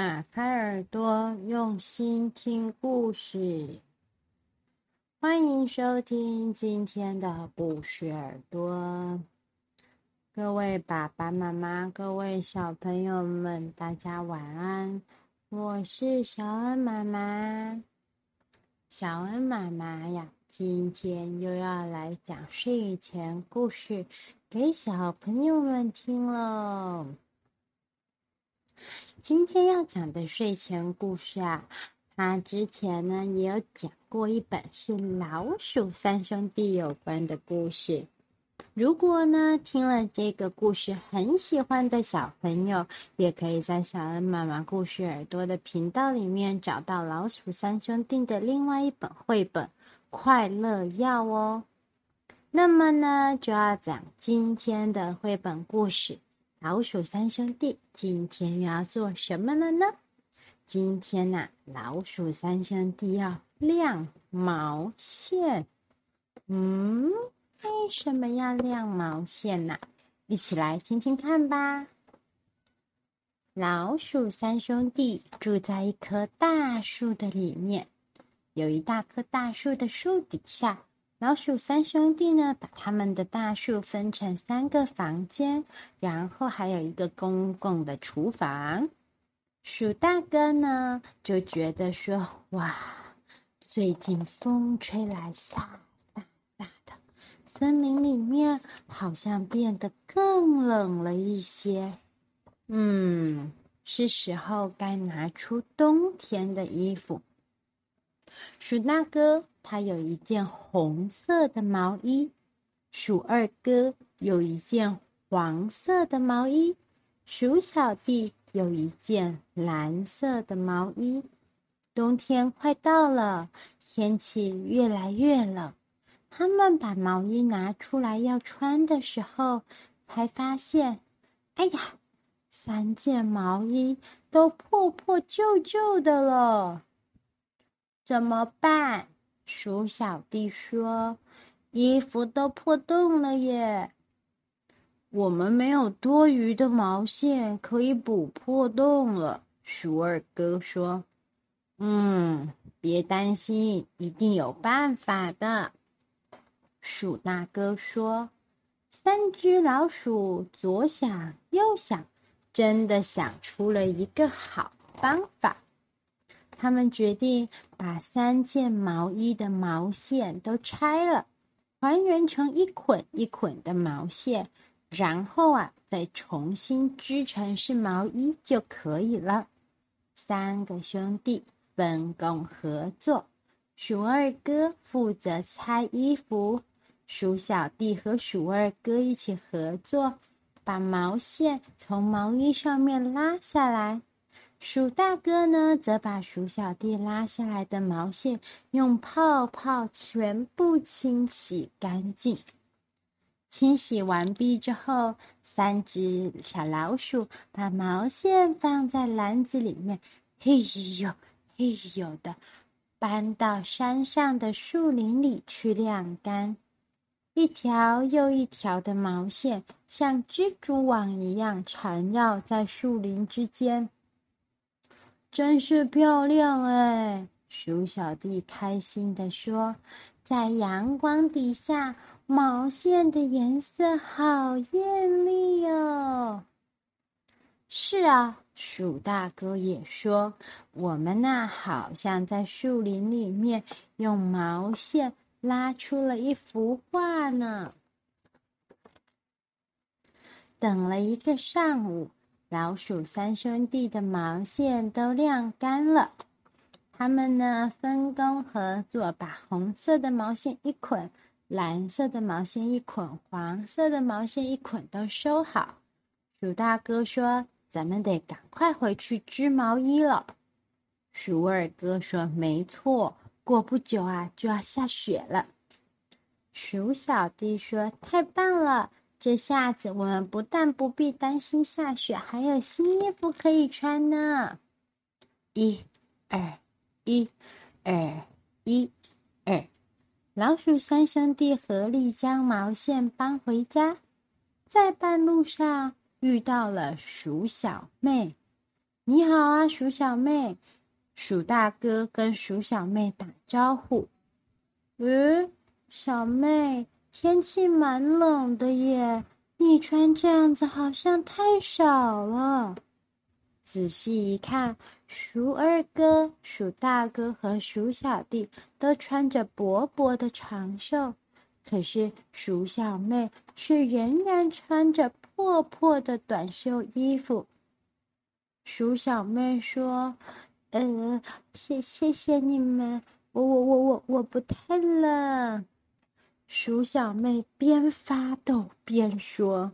打開耳朵，用心聽故事。歡迎收聽今天的《故事耳朵》，各位爸爸媽媽，各位小朋友們，大家晚安。我是小恩媽媽，小恩媽媽呀，今天又要來講睡前故事給小朋友們聽嘍。今天要講的睡前故事啊，他、啊、之前呢也有講過，一本是老鼠三兄弟有關的故事。如果呢聽了這個故事很喜歡的小朋友，也可以在小恩媽媽故事耳朵的頻道裡面找到老鼠三兄弟的另外一本繪本《快樂藥》哦。那麼呢就要講今天的繪本故事。老鼠三兄弟今天要做什麼了呢？今天呢、啊，老鼠三兄弟要晾毛線。嗯，為什麼要晾毛線呢、啊？一起來聽聽看吧。老鼠三兄弟住在一棵大樹的裡面，有一大棵大樹的樹底下。老鼠三兄弟呢，把他們的大樹分成三個房間，然後還有一個公共的廚房。鼠大哥呢，就覺得說：“哇，最近風吹來颯颯颯的，森林裡面好像變得更冷了一些。嗯，是時候該拿出冬天的衣服。”鼠大哥。他有一件紅色的毛衣，鼠二哥有一件黃色的毛衣，鼠小弟有一件藍色的毛衣。冬天快到了，天氣越來越冷。他們把毛衣拿出來要穿的時候，才發現，哎呀，三件毛衣都破破舊舊的了，怎麼辦？鼠小弟說：“衣服都破洞了耶，我們沒有多餘的毛線可以補破洞了。”鼠二哥說：“嗯，別擔心，一定有辦法的。”鼠大哥說：“三隻老鼠左想右想，真的想出了一個好方法。”他們決定把三件毛衣的毛線都拆了，還原成一捆一捆的毛線，然後啊，再重新織成是毛衣就可以了。三個兄弟分工合作，鼠二哥負責拆衣服，鼠小弟和鼠二哥一起合作，把毛線從毛衣上面拉下來。鼠大哥呢，則把鼠小弟拉下來的毛線用泡泡全部清洗乾淨。清洗完畢之後，三只小老鼠把毛線放在籃子裡面，嘿呦嘿呦的搬到山上的樹林裡去晾乾。一條又一條的毛線像蜘蛛網一樣纏繞在樹林之間。真是漂亮哎！鼠小弟開心地說：“在陽光底下，毛線的顏色好豔麗喲。”是啊，鼠大哥也說：“我們呢，好像在樹林裡面用毛線拉出了一幅畫呢。”等了一個上午。老鼠三兄弟的毛線都晾乾了，他們呢，分工合作，把紅色的毛線一捆、藍色的毛線一捆、黃色的毛線一捆，線一捆都收好。鼠大哥說：“咱們得趕快回去織毛衣了。”鼠二哥說：“沒錯，過不久啊就要下雪了。”鼠小弟說：“太棒了！”這下子我們不但不必擔心下雪，還有新衣服可以穿呢！一、二、一、二、一、二。老鼠三兄弟合力將毛線搬回家，在半路上遇到了鼠小妹。你好啊，鼠小妹！鼠大哥跟鼠小妹打招呼。嗯，小妹。天氣蠻冷的耶，你穿這樣子好像太少了。仔細一看，鼠二哥、鼠大哥和鼠小弟都穿着薄薄的長袖，可是鼠小妹卻仍然穿着破破的短袖衣服。鼠小妹說：“嗯、呃，謝謝謝你們，我我我我我不太冷。”鼠小妹邊發抖邊說：“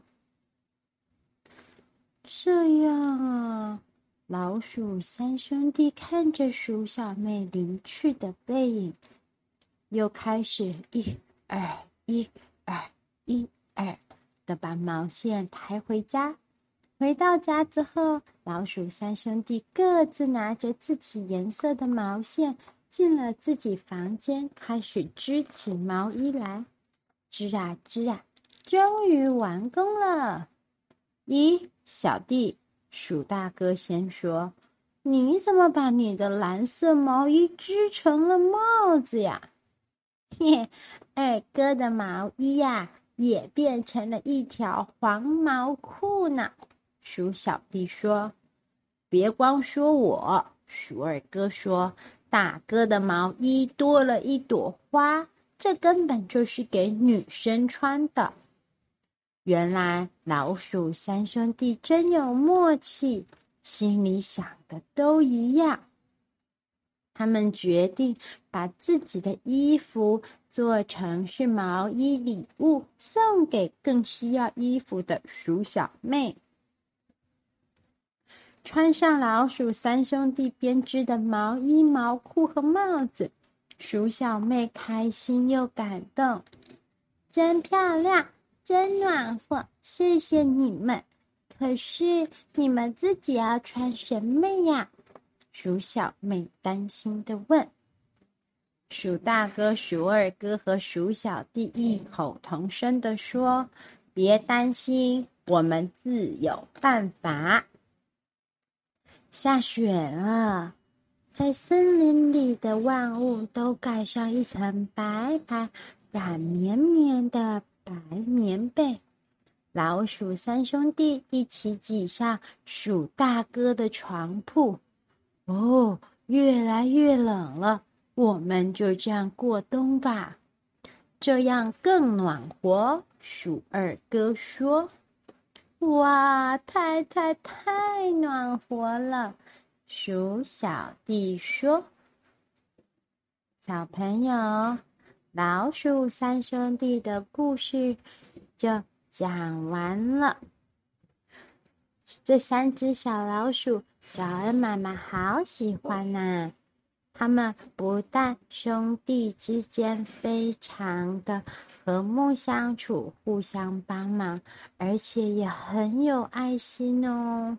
這樣啊。”老鼠三兄弟看着鼠小妹離去的背影，又開始一二一二一二的把毛線抬回家。回到家之後，老鼠三兄弟各自拿着自己顏色的毛線。進了自己房間，開始織起毛衣來，織啊織啊，終於完工了。咦，小弟，鼠大哥先說，你怎麼把你的藍色毛衣織成了帽子呀？嘿， 二哥的毛衣呀、啊，也變成了一條黃毛褲呢。鼠小弟說：“別光說我。”鼠二哥說。大哥的毛衣多了一朵花，這根本就是給女生穿的。原來老鼠三兄弟真有默契，心裡想的都一樣。他們決定把自己的衣服做成是毛衣禮物，送給更需要衣服的鼠小妹。穿上老鼠三兄弟編織的毛衣、毛褲和帽子，鼠小妹開心又感動，真漂亮，真暖和，謝謝你們！可是你們自己要穿什麼呀？鼠小妹擔心的問。鼠大哥、鼠二哥和鼠小弟異口同聲的說：“別擔心，我們自有辦法。”下雪了，在森林裡的萬物都蓋上一層白白、軟綿綿的白棉被。老鼠三兄弟一起擠上鼠大哥的床鋪。哦，越來越冷了，我們就這樣過冬吧，這樣更暖和，鼠二哥說。哇，太太太暖和了！鼠小弟說：“小朋友，老鼠三兄弟的故事就講完了。這三隻小老鼠，小恩媽媽好喜歡吶、啊。”他們不但兄弟之間非常的和睦相處，互相幫忙，而且也很有愛心哦。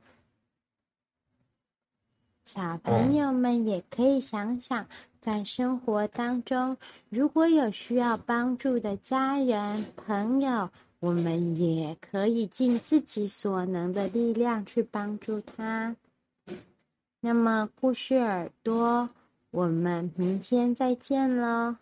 小朋友們也可以想想，在生活當中，如果有需要幫助的家人、朋友，我們也可以盡自己所能的力量去幫助他。那麼，故事耳朵。我們明天再見嘍！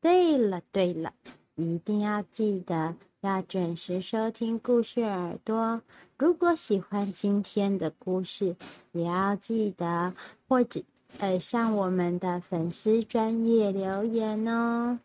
對了對了，一定要記得要準時收聽故事耳朵。如果喜歡今天的故事，也要記得或者呃，向我們的粉絲專頁留言哦。